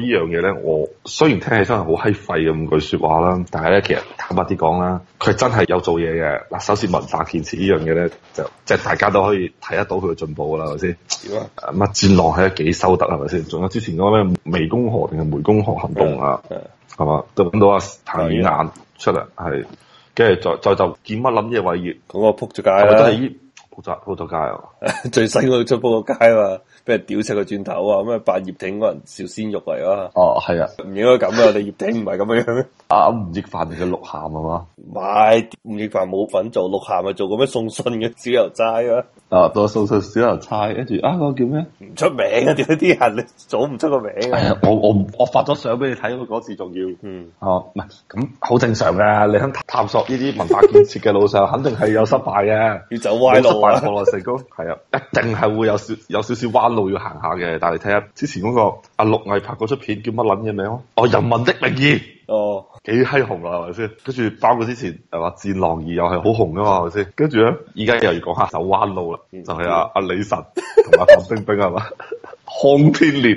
樣呢樣嘢咧，我雖然聽起身係好閪廢嘅咁句說話啦，但係咧，其實坦白啲講啦，佢真係有做嘢嘅。嗱，首先文化建設呢樣嘢咧，就即係大家都可以睇得到佢嘅進步啦，係咪先？咁啊麼，乜戰狼係啊幾收得，係咪先？仲有之前嗰咩湄公河定係湄公河行動啊，係嘛、啊？都到阿彭于晏出嚟，係跟住再再就見乜諗嘢偉業，嗰個撲咗街我都係依撲咗撲咗街啊！ 最新嗰出撲個街嘛、啊。俾人屌出個轉頭啊！咩啊，扮葉挺嗰人小鮮肉嚟啊！哦，係啊，唔應該咁啊！我哋葉挺唔係咁樣 阿吳亦凡定係鹿晗啊？嘛，唔係吳亦凡冇份做，鹿晗咪做過咩送信嘅小郵差啊！啊，當送信小郵差，跟住啊個叫咩？唔出名嘅，點解啲人你做唔出個名？我我我發咗相俾你睇，嗰嗰次仲要，嗯，哦，唔係咁好正常啊！你喺探索呢啲文化建設嘅路上，肯定係有失敗嘅，要走歪路，但係後來成功，係啊，一定係會有少有少少彎路要行下嘅。但係你睇下之前嗰個阿陸毅拍嗰出片叫乜捻嘢名啊？哦，《人民的名義》。哦，oh. 幾閪紅啦係咪先？跟住包括之前係話《戰狼二》又係好紅噶嘛係咪先？跟住咧，依家又要講下走彎路啦，就係阿阿李晨同埋范冰冰係嘛，轟 天裂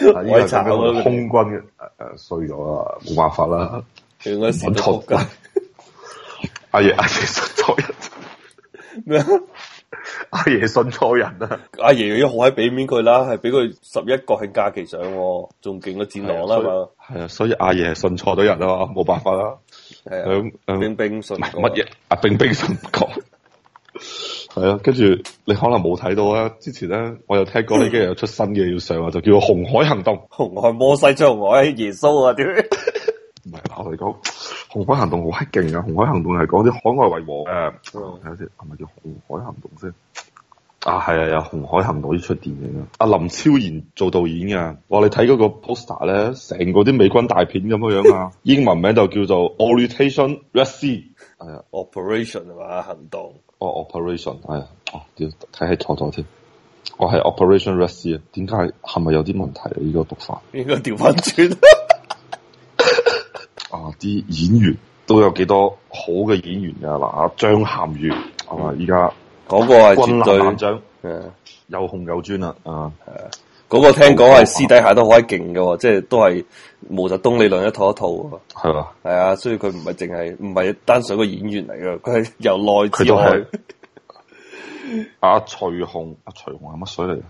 烈，呢個空軍嘅衰咗啊，冇辦法啦，應該屎殼吉，阿爺阿爺衰咗咩？ 阿爺信錯人爺啦！阿爺一好喺俾面佢啦，係俾佢十一國慶假期上、啊，仲勁個戰狼啦、啊、嘛！係啊，吧啊，所以阿爺信錯咗人啊，冇辦法啦。係、嗯、啊，冰冰信乜嘢？阿冰冰信國係啊，跟住你可能冇睇到啦。之前咧，我又聽過呢，幾日有出新嘅要上，啊，就叫做紅海行動， 紅海摩西出紅海，耶穌啊屌！ 我、同、你講紅海行動好係勁啊！紅海行動係講啲海外維和誒，係咪、uh, hello. 叫紅海行動先？啊，係啊，有啊！紅海行動呢出電影，啊。阿林超賢做導演嘅、啊。哇，你睇嗰個 poster 咧，成個啲美軍大片咁樣啊！ 英文名就叫做 orientation Red Sea，係 Operation 係嘛行動？哦，Operation 係、哎、啊，調睇起錯咗添。我係 Operation Red Sea 啊，點解係咪有啲問題啊？呢、這個讀法，呢個調翻轉。啲演員都有幾多好嘅演員噶嗱，阿張涵予係嘛？依家嗰個係軍男將，有紅有專啦，啊，嗰個聽講係私底下都好鬼勁嘅，即係都係毛澤東理論一套一套，係嘛、啊？係啊，啊，所以佢唔係淨係，唔係單純一個演員嚟嘅，佢係由內至外。阿徐紅，阿徐紅係乜水嚟？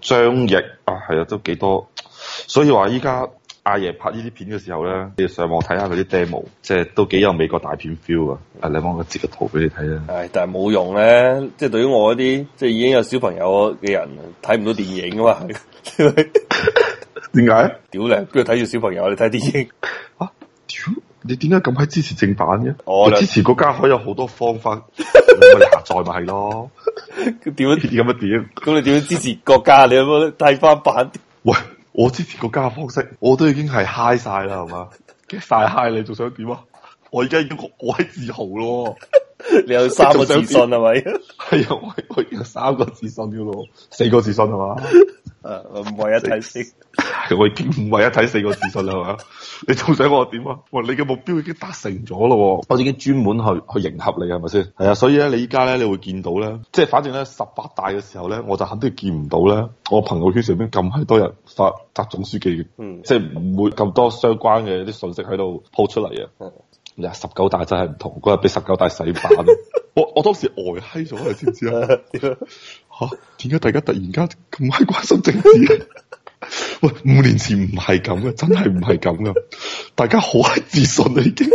張譯啊，係啊、哎、啊，啊，都幾多，所以話依家。阿爺、啊、拍呢啲片嘅時候咧，你要上網睇下佢啲 demo，即係都幾有美國大片 feel 啊！嗯、你幫我截個圖俾你睇啊。唉，但係冇用咧，即係對於我啲即係已經有小朋友嘅人，睇唔到電影啊嘛？點解？ 屌你，跟住睇住小朋友，你睇電影啊？屌，你點解咁閪支持正版嘅？哦、我支持國家可以有好多方法，唔係 下載咪係咯？點咁啊點？咁你點樣 支持國家？你有冇睇翻版？喂？ 我之前個交往方式，我都已經係 high 晒啦，係嘛？激晒 high 你仲想點啊？我而家已經我我係自豪咯， 你有三個自信係咪？係啊，我 我有三個自信嘅咯，四個自信係嘛？ 誒，唔為一睇四 我，我已經唔為一睇四個資訊啦嘛！你仲想我點啊？哇！你嘅目標已經達成咗咯！我已經專門去去迎合你，係咪先？係啊，所以咧，你依家咧，你會見到咧，即係反正咧，十八大嘅時候咧，我就肯定見唔到咧。我朋友圈上邊咁閪多人發習總書記，即係唔會咁多相關嘅啲信息喺度鋪出嚟啊。嗱，十九大真係唔同，嗰日俾十九大洗版， 我我當時呆閪咗啊！你知唔知啊？ 吓？點解、啊、大家突然間咁係關心政治？喂， 五年前唔係咁嘅，真係唔係咁噶。大家好係自信啦，已經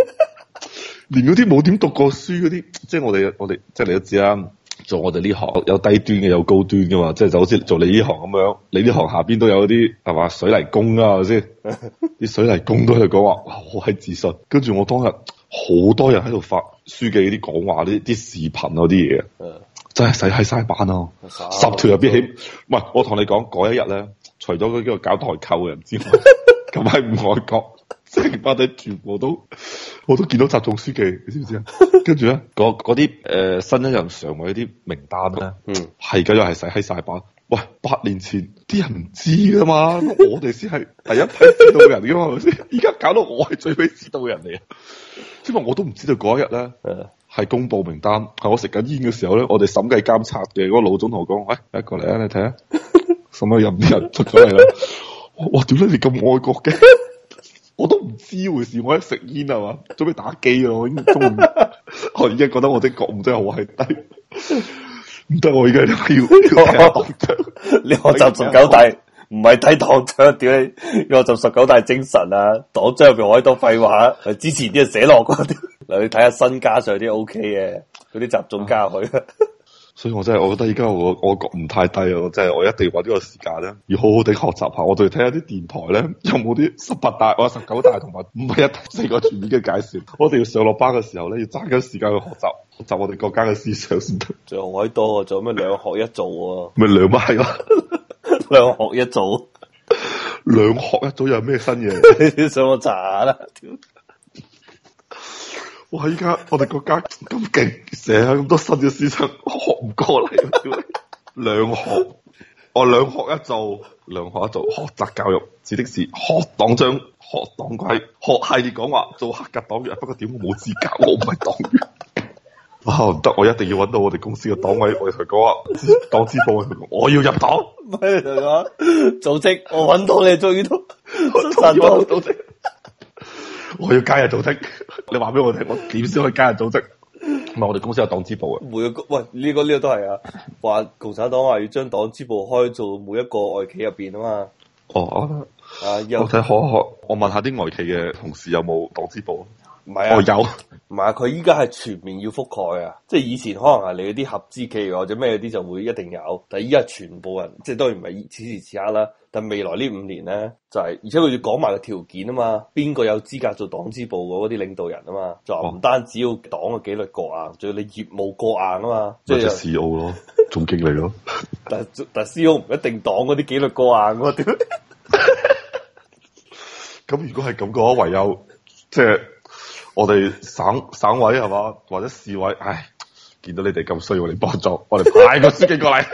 連嗰啲冇點讀過書嗰啲，即係我哋我哋即係你都知啦，做我哋呢行有低端嘅，有高端噶嘛。即係就好似做你呢行咁樣，你呢行下邊都有啲係嘛水泥工啊，係咪先？啲水泥工都係講話好係自信。跟住我當日好多人喺度發書記啲講話啲啲視頻啲嘢。真係使喺晒版哦、啊，十條入邊起，唔係以我同你講嗰一日咧，除咗佢叫個搞代購嘅人之外，咁係外國，即係班底全部都，我都見到習總書記，你知唔知啊？ 跟住咧，嗰啲誒新一任常委啲名單咧，嗯，係嘅又係使喺晒版。喂，八年前啲人唔知噶嘛， 我哋先係第一批知道人噶、啊、嘛，係咪先？而家搞到我係最尾 知道嘅人嚟啊！即係我都唔知道嗰一日咧。 係公布名單，係我食緊煙嘅時候咧，我哋審計監察嘅嗰個老總同我講：，喂、哎，一過嚟啊，你睇下，審咗人啲人出咗嚟啦？我，我點解你咁愛國嘅？我都唔知回事，我喺食煙係嘛，做咩打機啊？我已經我而家覺得我啲覺悟真係好低，唔得，我而家要,要看看 你，學習十九大，唔係睇黨章，屌你，學習十九大精神啊，黨章入邊我喺度廢話，係之前啲寫落嗰啲。 你睇下新家上啲 O K 嘅，嗰啲集中加去。所以我真係，我覺得而家我我覺唔太低啊！我真係，我一定話呢個時間咧，要好好地學習下。我哋睇下啲電台咧，有冇啲十八大、或十九大同埋唔十一四個全面嘅介紹。 我哋要上落班嘅時候咧，要揸緊時間去學習，學習我哋國家嘅思想先得。仲開多啊！做咩兩學一做啊？咪兩派咯，兩學一做，兩 學一做有咩新嘢？上 想我查啦？哇！依家我哋國家咁勁，成日咁多新嘅思想，學唔過嚟。兩學，我兩學一做，兩學一做，學習教育指的是學黨章、學黨規、學系列講話，做合格黨員。不過點我冇資格，我唔係黨員。哇！唔得，我一定要揾到我哋公司嘅黨委我同佢講話，黨支部我，我要入黨。唔係， 組織，我揾到你，終於到，真係要入黨。 我要加入組織。你話俾我聽，我點先可以加入組織？唔係我哋公司有黨支部嘅。每個喂呢個呢個都係啊，話共產黨話要將黨支部開做每一個外企入邊啊嘛。哦，啊，我睇可可，我問下啲外企嘅同事有冇黨支部。唔係啊，哦、有唔係啊，佢依家係全面要覆蓋啊，即係以前可能係你啲合資企業或者咩啲就會一定有，但係依家全部人，即係當然唔係此時此刻啦，但未來呢五年咧就係、是，而且佢要講埋個條件啊嘛，邊個有資格做黨支部嗰啲領導人啊嘛，就唔單止要黨嘅紀律過硬，仲、哦、要你業務過硬啊嘛，即係 C O 咯，總經理咯，但但 C 唔一定黨嗰啲紀律過硬，啊，我屌，咁 如果係咁嘅話，唯有即係。就是我哋省省委係嘛，或者市委，唉，見到你哋咁需要我哋幫助，我哋派個書記過嚟，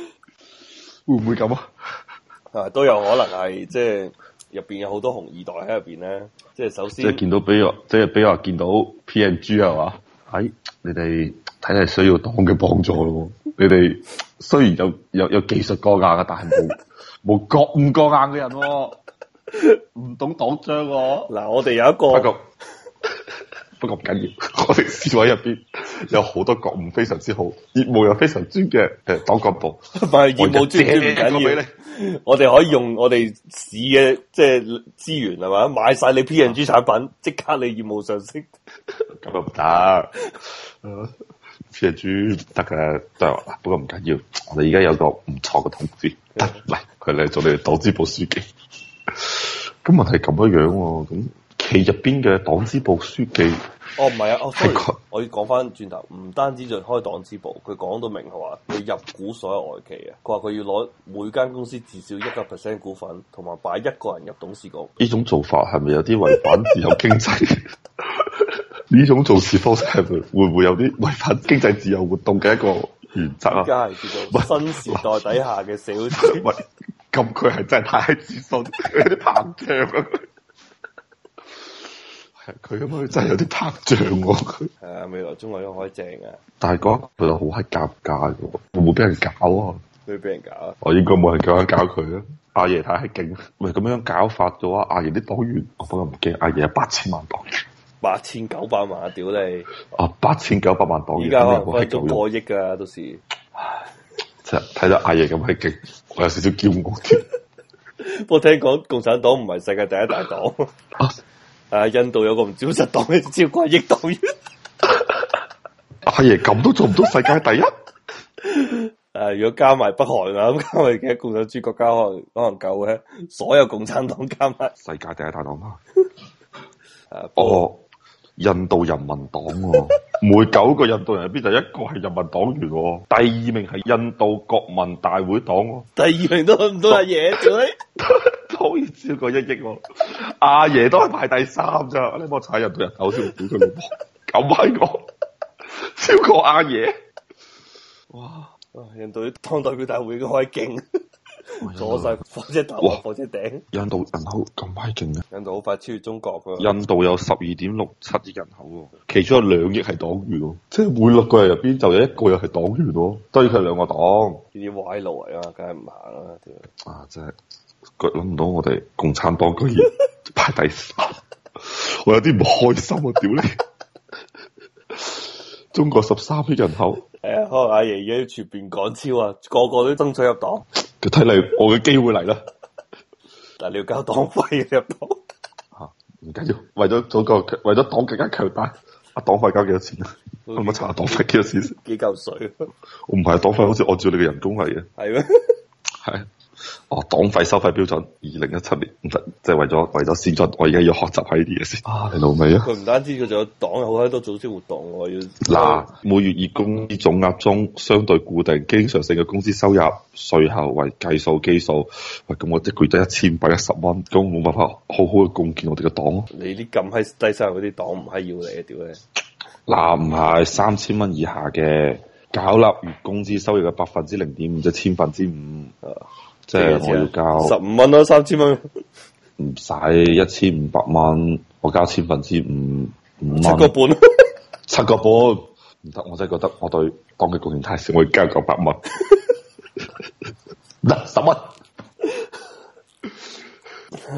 會唔會咁啊？啊，都有可能係即係入邊有好多紅二代喺入邊咧，即係首先即係見到比如即係比如見到 P N G 係嘛，唉，你哋睇嚟，需要黨嘅幫助咯， 你哋雖然有有有技術過硬嘅，但係冇冇覺悟過硬嘅人、哦，唔懂黨章個、哦、嗱，我哋有一個。不過唔緊要，我哋市委入邊有好多覺悟非常之好，業務又非常專嘅誒黨幹部，但係 是的業務專唔緊要。我哋可以用我哋市嘅即係資源係嘛，買晒你 P and G 產品，即刻你業務上升，咁又唔得？P and G 唔得嘅，不過唔緊要，我哋而家有個唔錯嘅同志，唔係佢嚟做你哋黨支部書記。咁問題咁樣樣、啊、咁。其入邊嘅黨支部書記哦、啊，哦唔係啊，我我要講翻轉頭，唔單止就開黨支部，佢講到明，佢話佢入股所有外企啊，佢話佢要攞每間公司至少一個 percent 股份，同埋擺一個人入董事局，呢種做法係咪有啲違反自由經濟呢 種做事方式係咪會唔會有啲違反經濟自由活動嘅一個原則啊？而家係叫做新時代底下嘅社會。咁佢係真係太自信， 有啲膨脹佢咁樣真係有啲拍仗喎、啊！佢係啊，未來中國應該正啊，但係嗰一步好閪夾架嘅會唔會俾人搞啊？會俾人搞啊！我應該冇人咁樣搞佢啊！阿爺太係勁，咪咁樣搞法咗啊，阿爺啲黨員，我反而唔驚。阿爺係八千萬黨員，八千九百萬、啊，屌你！啊，八千九百萬黨員，而家可以做過億噶，到時唉，實睇到阿爺咁閪勁，我有少少驕傲添。 不過聽講共產黨唔係世界第一大黨 啊！印度有個唔少隻黨，超過億黨員。阿爺咁都做唔到世界第一。誒，如果加埋北韓啦，咁加埋嘅共產主義國家可能可能夠嘅。所有共產黨加埋，世界第一大黨。誒，哦，印度人民黨喎，每九個印度人入邊就一個係人民黨員喎。第二名係印度國民大會黨。第二名都唔到阿爺，對。可以超過一億喎，啊，阿爺，爺都係排第三咋？你望下印度人口先，比佢多咁萬個，超過阿爺，爺。哇！印度黨代表大會咁閪勁，坐曬火車頭，哇火車頂。印度人口咁閪勁啊！印度好快超越中國噶，啊。印度有十二點六七億人口喎，啊，其中有兩億係黨員喎，啊，即係每六個人入邊就有一個人係黨員，啊、多，對佢兩個黨。啲歪路嚟啊，梗係唔行啦！啊，真係～佢諗唔到，我哋共產黨居然排第三， 我有啲唔開心啊！屌你， 中國十三億人口，誒、 哎，可能阿爺而家全面趕超啊，個，個個都爭取入黨。佢睇嚟，我嘅機會嚟啦。嗱，但你要交黨費入黨吓，唔緊要，為咗祖國，為咗黨更加強大。阿黨費交幾多錢啊？ 錢我咪查下黨費幾多錢先。幾嚿水？我唔係黨費，好似按照你嘅人工嚟嘅。係咩？係。哦，黨費收費標準二零一七年唔得，即係為咗為咗先進，我而家要學習下呢啲嘢先。啊，你老味啊！佢唔單止，佢仲有黨有喺度組織活動，我要嗱每月以工資總額中相對固定經常性嘅工資收入稅後為計數基數。喂，咁我一個月得一千百一十蚊，咁冇辦法好好去貢獻我哋嘅黨咯。你啲咁閪低黨 3, 收入啲黨唔閪要你一啲你嗱唔係三千蚊以下嘅繳納月工資收入嘅百分之零點五，即係千分之五誒。就是 1, 5. 5啊即係我要交十五蚊啦，啊，三千蚊唔使一千五百蚊，我交千分之五五蚊，七個半，七個半唔得， 我真係覺得我對黨嘅貢獻太少，我要交九百蚊，嗱 十蚊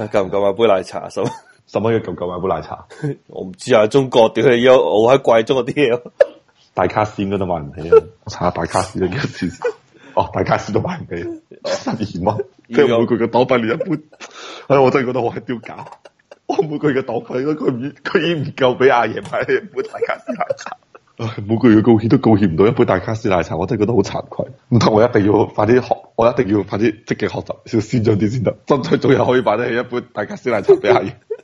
夠唔夠買杯奶茶？十蚊十蚊要夠唔夠買杯奶茶？ 我唔知啊，中國屌你，我喺貴州嗰啲嘢， 大卡線都買唔起啊，我查下大卡線幾多錢？哦，大卡司都買唔起，十二蚊，即係 每個月嘅黨費連一杯。哎我真係覺得我係丟架。我每個月嘅黨費都佢唔佢唔夠俾阿爺買一杯大卡司奶茶，哎、每個月嘅貢獻都貢獻唔到一杯大卡司奶茶，我真係覺得好慚愧，唔通我一定要快啲學，我一定要快啲積極學習，要先進啲先得，爭取早日可以買得起一杯大卡司奶茶俾阿爺。